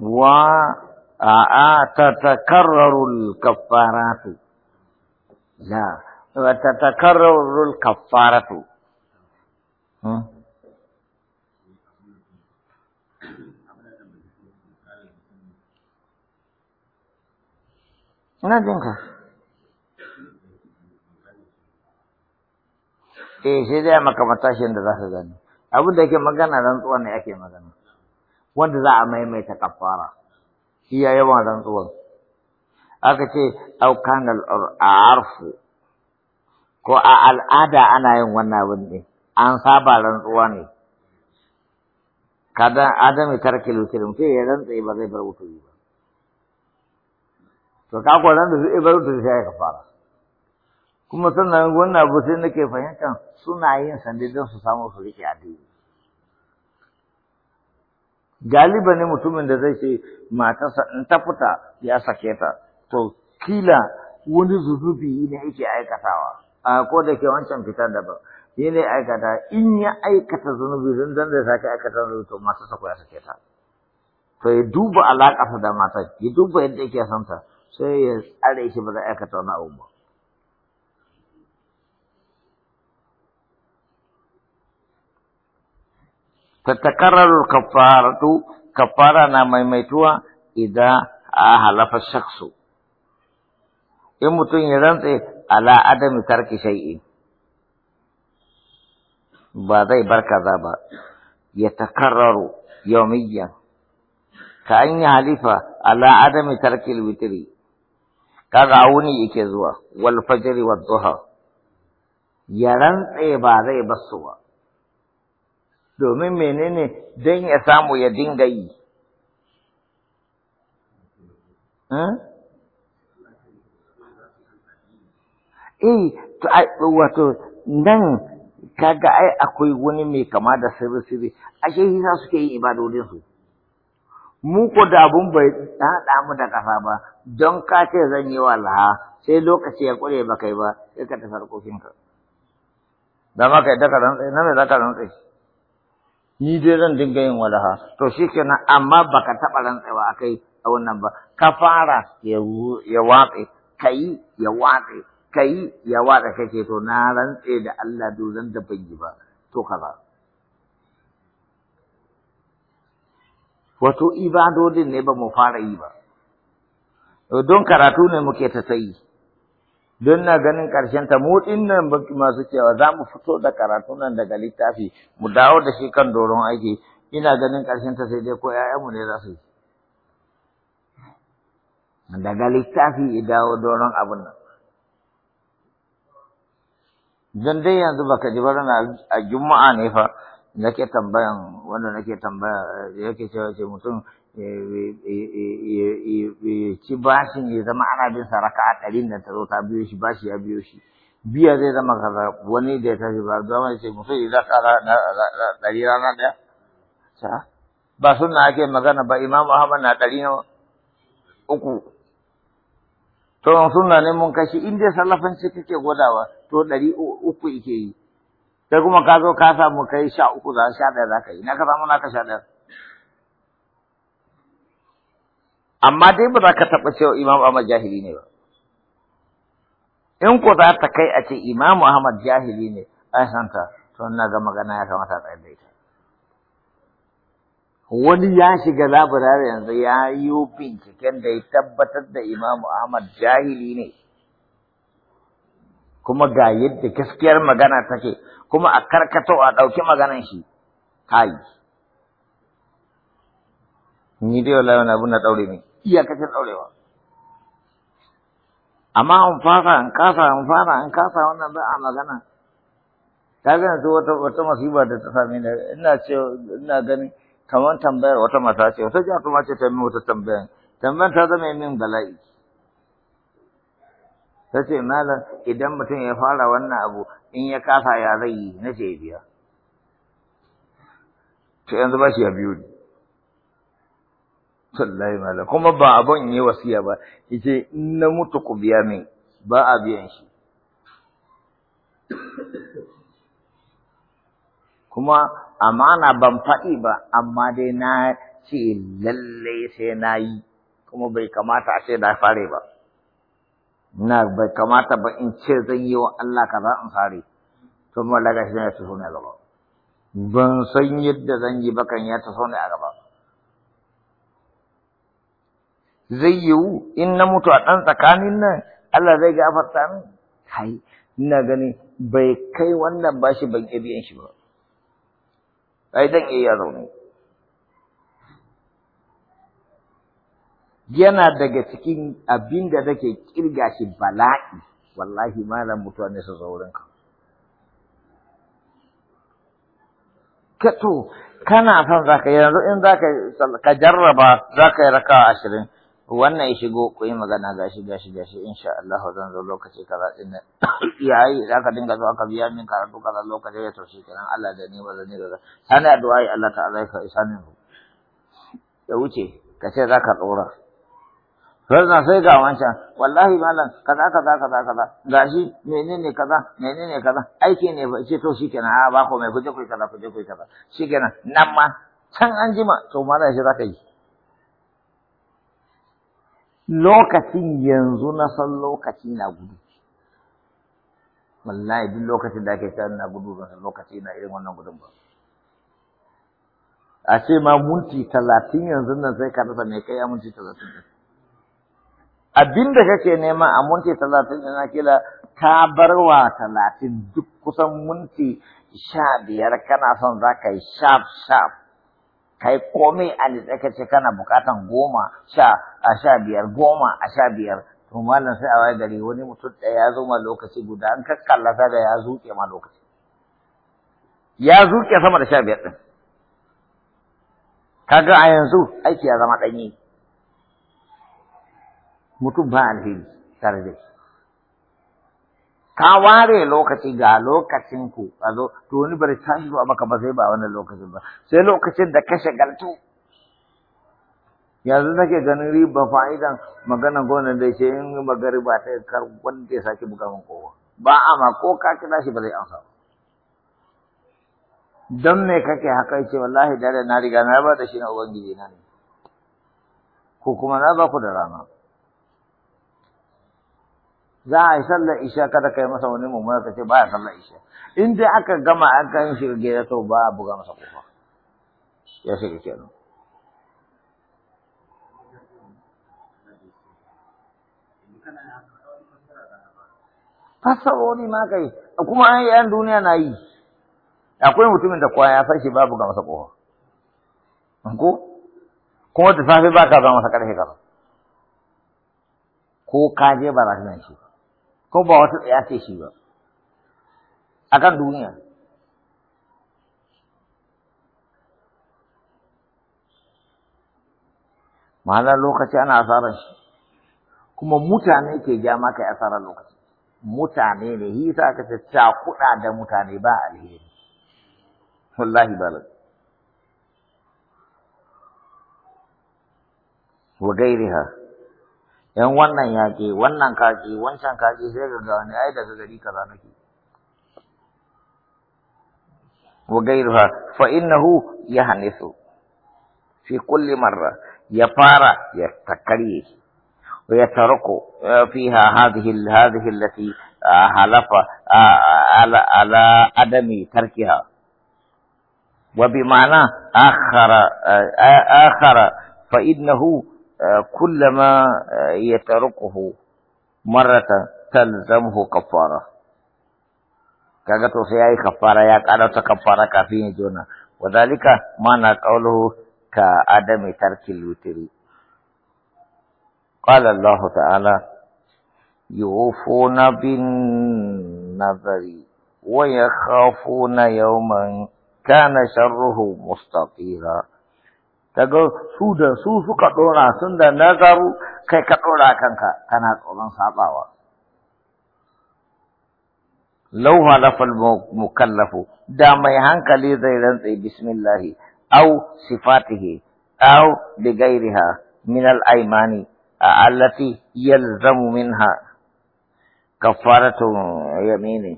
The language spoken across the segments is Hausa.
وتتكرر الكفارات لا وتتكرر الكفارة ina jinka eh sai dai maka matashin da za ka gani abin da yake magana rantsuwa ne ake magana wanda za a maimaita kafara shi ya yawan rantsuwan aka ce aukan al'arfu ko a al'ada ana yin wannan abin ne an saba rantsuwa ne kada adami tarki lutir mutum ya rantsa ba zai bar wuta ba to ka ko rantsa zai bar wuta sai ya kafara kuma sannan wannan abu sai nake fahimta suna yin sandidin su samu su rike addini galiba ne mutumin da zai ce matarsa in ta fita ya sake ta to kila wani zuzubi ne yake aikatawa a ko da ke wancan fitar daban shi ne aikata in ya aikata zunubi zan zan zai sake aikata zunubi to matarsa ko ya sake ta to ya duba alaƙa da matar ya duba yadda yake santa sai ya tsare shi ba a aikata wani abu ba تتكرر الكفارة كفارة ميتوا إذا حلف الشخص إن يدان على عدم ترك شيء بعد بركة ذابا يتكرر يوميا كأن يحلف على عدم ترك الوتر كغاوني عوني إكزوا والفجر والظهر يرنتي بعدي بصوا domin menene don ya samu ya dinga yi. Hmm? Eh, wato nan kaga ai akwai wani mai kama da sirri-sirri, ashe hisa suke yin ibadodinsu. Mu ko da abun bai haɗa mu da ƙasa ba, don ka ce zan yi wa laha, sai lokaci ya kure ba kai ba, sai ka tafi harkokinka. Da ma kai da ka nan na da za ka rantsa ni dai zan dinga yin walaha to shikenan amma baka taɓa rantsewa akai a wannan ba ka fara ya watse kai ya watse kai ya watse kake to na rantse da Allah zan da ban yi ba to kaza wato ibadodin ne ba mu fara yi ba don karatu ne muke ta sai. don na ganin ƙarshen ta mu nan masu cewa za mu fito da karatu nan daga littafi mu dawo da shi kan doron aiki ina ganin ƙarshen ta sai dai ko ƴaƴanmu ne za su yi daga littafi ya dawo doron abin nan don dai yanzu baka ji ba a juma'a ne fa nake tambayan wanda nake tambaya yake cewa ce mutum ya ci bashin ya zama ana bin sa raka a ɗari da ta zo ta biyo shi bashi ya biyo shi biya zai zama kaza wani da ya tafi ba ya ce mutum ya zaka ɗari rana ɗaya ba na ake magana ba imam ahmad na ɗari na uku to sunna ne mun kashi in dai sallafanci kake gwadawa to ɗari uku ike yi sai kuma ka zo ka samu kai sha uku za sha ɗaya za ka yi na ka samu na ka sha ɗaya amma dai ba za ka taɓa cewa Imam Ahmad jahili ne ba. In ko za ta kai a ce Imam Ahmad jahili ne, ai santa, to na ga magana ya kamata a tsayar da ita. Wani ya shiga laburare yanzu ya yi binciken da ya tabbatar da Imam Ahmad jahili ne. Kuma ga yadda gaskiyar magana take, kuma a karkato a ɗauki maganan shi, kai. Ni dai wallahi wani abu na ɗaure ne. iyakacin ɗaurewa. Amma an fasa an kasa an fara an kasa wannan za a magana. Ta gani su wata wata masifa da ta sami ni ina ce ina gani kamar tambayar wata mata ce wata jiya kuma ce ta min wata tambayar tambayar ta zama min bala'i. Ta ce malam idan mutum ya fara wannan abu in ya kasa ya zai yi na ce biya. To yanzu ba shi ya biyu ne. Wallahi malam kuma ba ban yi wasiya ba yace in na mutu ku biya min ba a biyan shi kuma amana ban faɗi ba amma dai na ce lalle sai na yi kuma bai kamata a ce na fare ba na bai kamata ba in ce zan yi wa Allah kaza in fare to mallaka shi ne su ne gaba ban san yadda zan yi ba kan ya ta ne a gaba zai yiwu in na mutu a ɗan tsakanin nan Allah zai afarta min kai ina gani bai kai wannan bashi ban iya biyan shi ba ai dan ya zaune yana daga cikin abin da take kirga shi bala'i wallahi malam mutuwa ne su zaurin ka Kana to kana son zaka yanzu in zaka ka jarraba zaka yi raka ashirin wannan ya shigo ku yi magana gashi gashi gashi insha Allah zan zo lokaci kaza din Ya'yi za ka dinga zuwa ka biya min karatu kaza lokaci ya toshi kenan Allah da ni ba zan da sani addu'a ya Allah ta'ala ka isani ku ya wuce ka ce ka tsora Rana sai ga wancan wallahi malam kaza kaza kaza kaza gashi menene kaza menene kaza aiki ne ba ce to shikenan a ba ko mai kuje kuje kaza kuje kuyi kaza shikenan nan ma can an jima to mala shi ka yi lokacin yanzu na san lokaci na gudu wallahi duk lokacin da ake tsarin na gudu ba lokaci na irin wannan gudun ba a ce ma minti talatin yanzu nan sai ka rasa mai kai a minti talatin ɗin abin da kake nema a minti talatin yana kila ta bar wa talatin duk kusan minti sha biyar kana son za ka yi sha-sha. kai komai a litsa ce kana bukatan goma sha a sha biyar goma a sha biyar to Mallam sai a waye gari wani mutum ɗaya ya zo ma lokaci guda an kakkalla ta ga ya zuke ma lokaci ya zuke sama da sha biyar din kaga a yanzu aiki ya zama ɗanyi mutum ba alheri tare da shi ka ware lokaci ga lokacin ku a zo to wani bari tashi ba maka ba sai ba wannan lokacin ba sai lokacin da ka shagaltu yanzu nake ganin riba fa'idan magana gona da ce in magariba ta kar wanda ya sake buga min kowa ba a ma ko ka kira shi ba zai amsa ba don me kake haka yace wallahi dare na riga na ba da shi na ubangiji na ne ko kuma na ba ku da rana za a yi sallar isha kada kai masa wani mummuna ta ce baya sallar isha in dai aka gama an kan shi gida to ba a buga masa kofa ya shiga kenan fassarori ma kai kuma an yan duniya na yi akwai mutumin da kwaya ya ba babu ga masa kofa ko kuma da safe ba ka zama masa karfe kaza ko ka je ba za ka shi ko ba wata tsaya ce shi ba a kan duniya ma'anar lokaci ana asarar shi kuma mutane ke ja maka asarar lokaci mutane ne hisa ka ce cakuɗa mutane ba alheri wallahi balad wa gairiha yan wannan ya ke wannan kaki wancan ka kaki sai ga ga wani ai daga gari kaza nake wa gairuha fa innahu yahnisu fi kulli marra ya fara ya takariye wa ya tarko fiha hadhihi hadhihi allati halafa ala ala adami tarkiha wa bi ma'ana akhara akhara fa innahu كلما يتركه مرة تلزمه كفارة كذا توسيعي كفارة يا كذا تكفارة كافين جونا وذلك معنى قوله كعدم ترك الوتر قال الله تعالى يوفون بالنذر ويخافون يوما كان شره مستطيرا daga su da su suka ɗora sun da nazaru kai ka ɗora kanka kana tsoron sabawa law mu mukallafu da mai hankali zai rantsa bismillahi au sifatihi Au bi ha, min al a allati yalzamu minha kafaratu yamini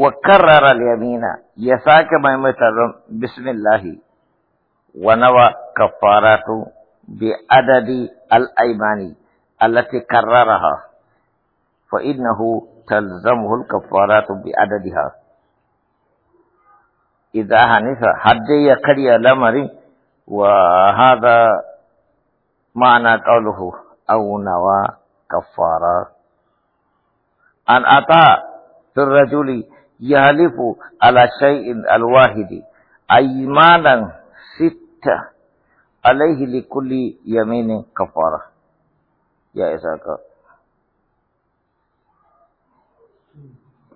wa karrara yamina ya sake maimaita bismillah ونوى كفارات بعدد الأيمان التي كررها فإنه تلزمه الكفارات بعددها إذا هنف حد يكري لمر وهذا معنى قوله أو نوى كفارة أن أتى في الرجل يهلف على شيء الواحد أيمانا sita alaihi Likuli yaminin kafara ya isa ka